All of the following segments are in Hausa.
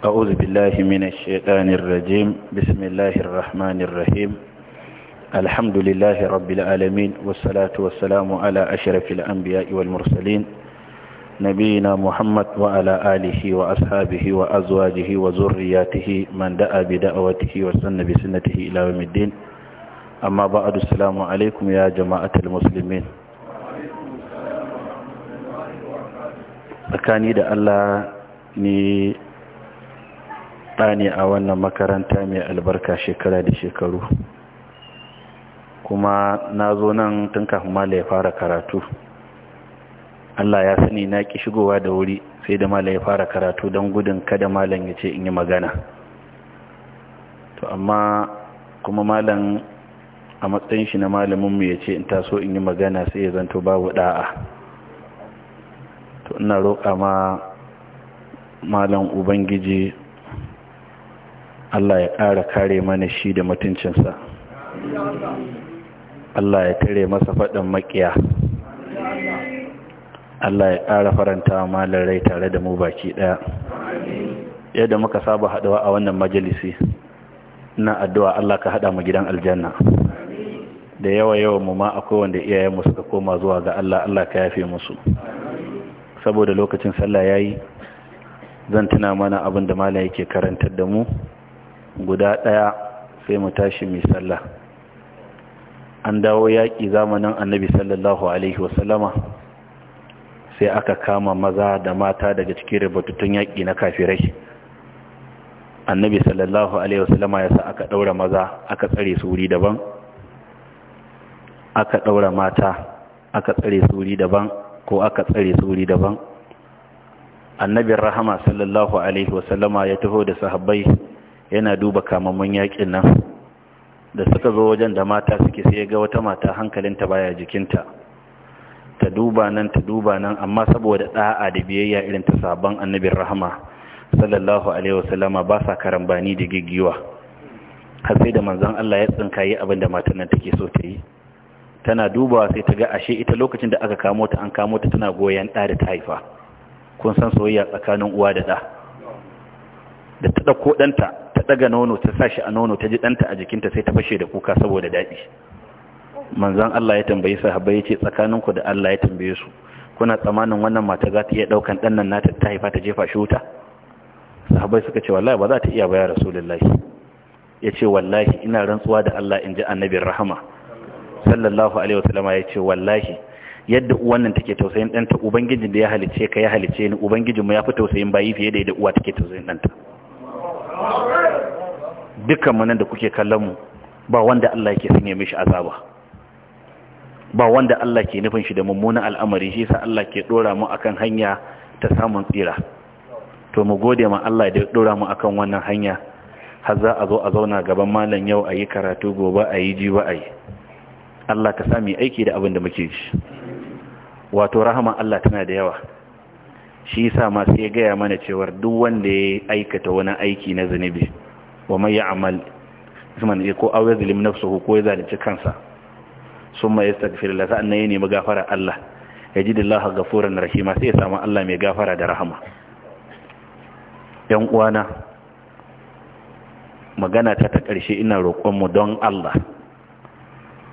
أعوذ بالله من الشيطان الرجيم بسم الله الرحمن الرحيم الحمد لله رب العالمين والصلاة والسلام على أشرف الأنبياء والمرسلين نبينا محمد وعلى آله وأصحابه وأزواجه وذرياته من دعا بدعوته وسن بسنته إلى يوم الدين أما بعد السلام عليكم يا جماعة المسلمين tsakani da Allah ni ɗa ne a wannan makaranta mai albarka shekara da shekaru kuma na zo nan tun kafin mala ya fara karatu Allah ya sani na ki shigowa da wuri sai da mala ya fara karatu don gudun kada malam ya ce in yi magana to amma kuma malam a matsayin shi na malaminmu ya ce in taso in yi magana sai ya zanto babu ɗa'a. to ina roƙa ma malam ubangiji Allah ya ƙara kare mana shi da mutuncinsa Allah ya tare masa faɗin maƙiya Allah ya ƙara faranta malar rai tare da mu baki ɗaya yadda muka saba haɗuwa a wannan majalisi na addu'a Allah ka haɗa mu gidan aljanna da yawa yawa mu ma akwai wanda iyayenmu suka koma zuwa ga Allah Allah ka yafe musu saboda lokacin sallah yayi zan tuna mana abin da malam yake karantar da mu guda ɗaya sai mu tashi mai tsalla an dawo yaƙi zamanin annabi sallallahu alaihi wasallama sai aka kama maza da mata daga cikin rubututun yaƙi na kafirai annabi sallallahu alaihi wasallama ya sa aka ɗaura maza aka tsare su wuri daban aka ɗaura mata aka tsare su wuri daban ko aka tsare su wuri daban annabin rahama sallallahu alaihi wasallama ya taho da sahabbai yana duba kamamman yakin nan da suka zo wajen da mata suke sai ga wata mata hankalinta baya jikinta ta duba nan ta duba nan amma saboda da'a da biyayya irin ta sabon annabin rahama sallallahu alaihi wasallama ba sa karambani da giggiwa har sai da manzon Allah ya tsinka yi abin da matan nan take so ta yi tana dubawa sai ta ga ashe ita lokacin da aka kamo ta an kamo ta tana goyon ɗa da ta haifa kun san soyayya tsakanin uwa da d'a? da ta ɗauko ɗanta daga nono ta sashi a nono ta ji danta a jikinta sai ta fashe da kuka saboda daɗi manzan Allah ya tambayi haɓe ya ce tsakaninku da Allah ya tambaye su kuna tsamanin wannan mata za ta iya ɗaukan ɗannan nata ta haifa ta jefa shi wuta sahabbai suka ce wallahi ba za ta iya ba ya rasulullahi ya ce wallahi ina rantsuwa da Allah in ji annabin rahama sallallahu alaihi sallama ya ce wallahi yadda uwan nan take tausayin ɗanta ubangijin da ya halice ka ya halice ni mu ya fi tausayin bayi fiye da yadda uwa take tausayin ɗanta dukkan manan da kuke kallon mu ba wanda Allah yake sanya mishi azaba ba wanda Allah ke nufin shi da mummunan al'amari shi yasa Allah ke dora mu akan hanya ta samun tsira to mu gode ma Allah da dora mu akan wannan hanya har za a zo a zauna gaban malam yau ayi karatu gobe ayi ji ba ayi Allah ka sami aiki da abin da muke shi wato rahama Allah tana da yawa shi yasa ma sai gaya mana cewa duk wanda ya aikata wani aiki na zunubi wa mai ya amal isman ko aure na nafsuhu ko ya zalunci kansa sun ma ya stagfir la sa'an ya nemi gafara Allah ya ji dillaha gafuran rahima sai ya samu Allah mai gafara da rahama yan uwana magana ta ta ƙarshe ina roƙonmu don Allah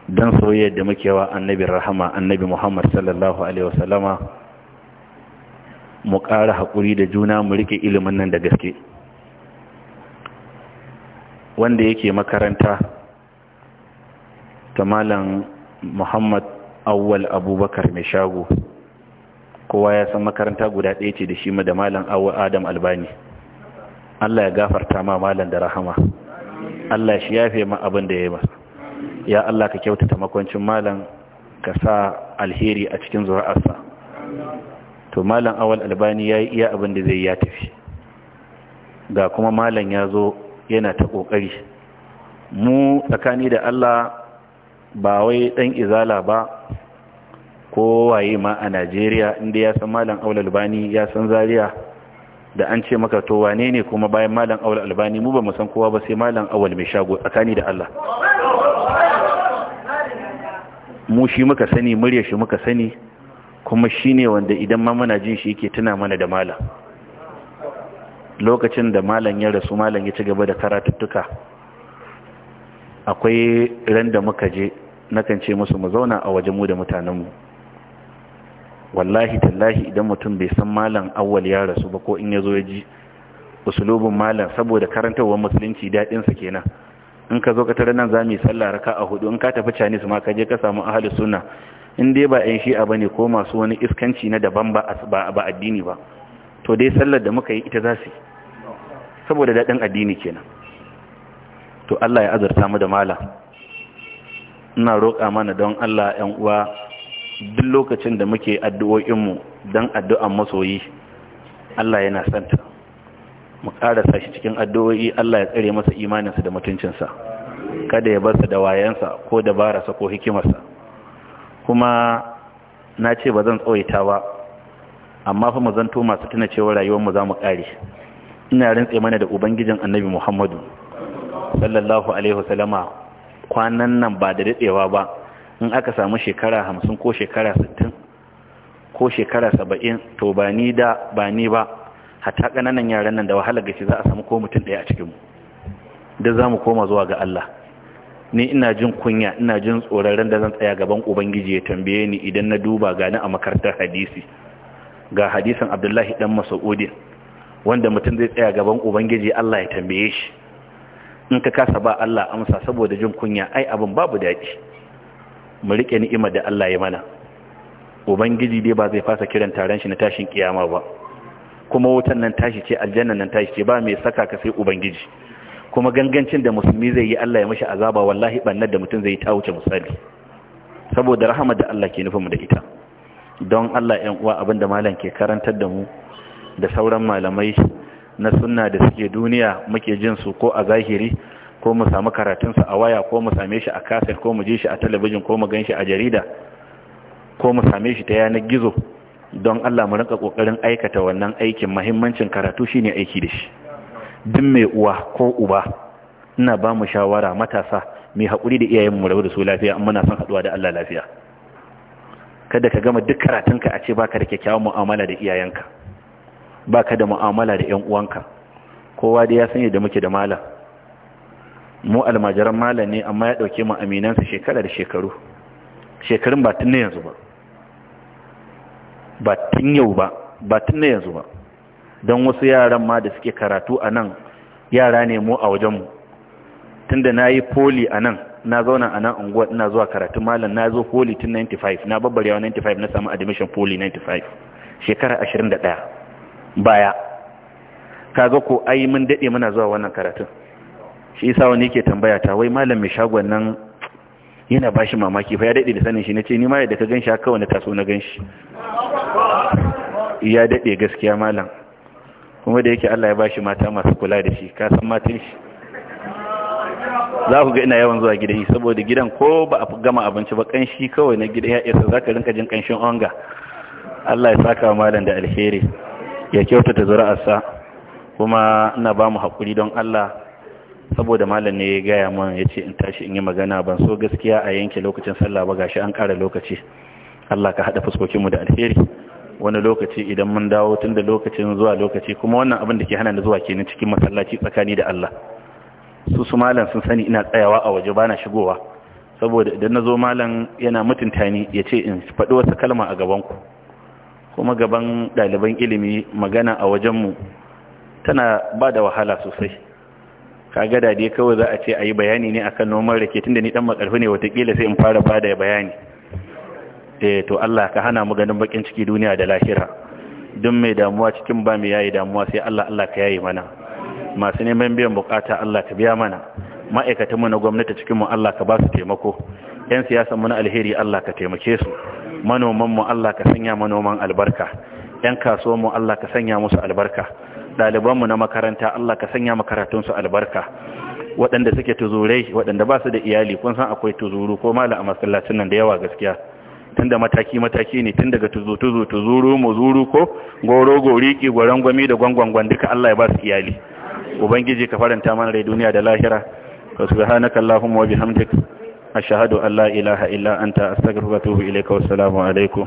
don soyayyar da muke wa annabi rahama annabi Muhammad sallallahu alaihi wasallama mu ƙara hakuri da juna mu rike ilimin nan da gaske wanda yake makaranta ta malam muhammad awwal abubakar mai shago kowa ya san makaranta guda ɗaya ce da shi da malam awwal adam albani allah ya gafarta ma malam da rahama allah shi ya fi ma abin da ya yi masa. ya allah ka kyautata makwancin malam ka sa alheri a cikin zuri'arsa to malam Awwal albani ya yi iya abin da zai ya tafi ga kuma malam ya zo yana ta ƙoƙari mu tsakani da Allah ba wai ɗan izala ba ko waye ma a Najeriya inda ya san malam Aula Albani ya san Zaria da an ce maka to wane ne kuma bayan malam Aula Albani mu ba mu san kowa ba sai malam Awal mai shago tsakani da Allah mu shi muka sani muryar shi muka sani kuma shine wanda idan ma muna jin shi yake tuna mana da malam lokacin da malam ya rasu malam ya ci gaba da karatuttuka akwai ran da muka je nakan ce musu mu zauna a wajen mu da mutanenmu wallahi tallahi idan mutum bai san malam awwal ya rasu ba ko in ya zo ya ji usulubin malam saboda karantarwar musulunci daɗinsa kenan in ka zo ka tare nan za mu yi sallah raka a hudu in ka tafi canis ma ka je ka samu ahalus sunna in dai ba yan shi'a bane ko masu wani iskanci na daban ba ba addini ba to dai sallar da muka yi ita za su yi saboda daɗin addini kenan to Allah ya azarta mu da mala ina roƙa mana don Allah ‘yan uwa duk lokacin da muke addu'o'inmu don addu'an masoyi Allah yana santa mu ƙarasa shi cikin addu'o'i Allah ya tsare masa imaninsa da mutuncinsa kada ya barsa da wayansa ko dabararsa ko hikimarsa kuma na ce ba zan tsawaita ba amma fa mu zanto masu tuna cewa rayuwar mu zamu kare ina rantse mana da ubangijin annabi Muhammadu sallallahu alaihi wasallama kwanan nan ba da dadewa ba in aka samu shekara 50 ko shekara 60 ko shekara 70 to ba ni da ba ni ba hatta kananan yaran nan da wahala gashi za a samu ko mutum ɗaya a cikin mu da mu koma zuwa ga Allah ni ina jin kunya ina jin tsoron da zan tsaya gaban ubangiji ya tambaye ni idan na duba gani a makarantar hadisi ga hadisan abdullahi dan mas'udin wanda mutum zai tsaya gaban ubangiji Allah ya tambaye shi in ka kasa ba Allah amsa saboda jin kunya ai abin babu daɗi mu rike ni'imar da Allah ya mana ubangiji dai ba zai fasa kiran taron shi na tashin kiyama ba kuma wutan nan tashi ce aljanna nan tashi ce ba mai saka ka sai ubangiji kuma gangancin da musulmi zai yi Allah ya mashi azaba wallahi bannar da mutum zai yi ta wuce misali saboda rahama da Allah ke nufin mu da ita don Allah ‘yan uwa abinda malam ke karantar da mu da sauran malamai na sunna da suke duniya muke jin su ko a zahiri ko mu samu karatunsu a waya ko mu same shi a kaset ko mu je shi a talabijin ko mu gan shi a jarida ko mu same shi ta yanar gizo don Allah mu rinka kokarin aikata wannan aikin muhimmancin karatu shi ne aiki da shi duk mai uwa ko uba ina ba mu shawara matasa mai haƙuri da iyayen rabu da su lafiya amma na son haɗuwa da Allah lafiya kada ka gama duk karatunka a ce baka da kyakkyawan mu'amala da iyayenka baka da mu'amala da ƴan uwanka kowa da ya san yadda muke da malam mu almajiran malam ne amma ya dauke mu aminansa shekara da shekaru shekarun ba tun yanzu ba ba tun yau ba ba tun yanzu ba don wasu yaran ma da suke karatu a nan yara ne mu a wajenmu tunda na yi poli a nan na zauna a nan unguwa ina zuwa karatun malam na zo poli tun 95 na babbarewa 95 na samu admission foli 95 shekara 21 baya kaga ko ai mun dade muna zuwa wannan karatun shi yasa wani yake tambaya ta wai malam mai shagon nan yana bashi mamaki fa ya dade da sanin shi nace ni ma yadda ka ganshi haka wani taso na ganshi ya dade gaskiya malam kuma da yake Allah ya bashi mata masu kula da shi ka san matan shi za ku ga ina yawan zuwa gidan shi saboda gidan ko ba a gama abinci ba kanshi kawai na gidan ya isa za ka rinka jin kanshin onga Allah ya saka malam da alheri ya kyautata zuri'arsa kuma ina ba mu haƙuri don Allah saboda malam ne ya gaya mun ya ce in tashi in yi magana ban so gaskiya a yanke lokacin sallah ba gashi an ƙara lokaci Allah ka haɗa fuskokinmu da alheri wani lokaci idan mun dawo tun da lokacin zuwa lokaci kuma wannan abin da ke hana ni zuwa kenan cikin masallaci tsakani da Allah su su malam sun sani ina tsayawa a waje bana shigowa saboda idan na zo malam yana mutunta ni yace in fadi wasu kalma a gaban ku kuma gaban daliban ilimi magana a mu tana ba da wahala sosai kaga da dai kawai za a ce a yi bayani ne akan noman rake tunda ni dan makarfi ne watakila sai in fara bada bayani eh to Allah ka hana mu ganin bakin ciki duniya da lahira duk mai damuwa cikin ba mai yayi damuwa sai Allah Allah ka yayi mana masu neman biyan bukata Allah ka biya mana ma'aikatanmu na gwamnati cikinmu Allah ka ba su taimako 'yan siyasanmu na alheri Allah ka taimake su manomanmu Allah ka sanya manoman albarka 'yan kasuwanmu Allah ka sanya musu albarka ɗalibanmu na makaranta Allah ka sanya su albarka waɗanda suke tuzurai waɗanda ba su da iyali kun san akwai tuzuru ko mala a masallacin nan da yawa gaskiya tun da mataki-mataki ne tun daga tuzu-tuzu tuzuru muzuru ko goro-goriki gwarangwami da gwangwangwan duka Allah ya ba su iyali ubangiji ka faranta mana rai duniya da lahira wa subhanaka allahumma wa bihamdik ashhadu an la ilaha illa anta astaghfiruka wa atubu ilayka wa alaikum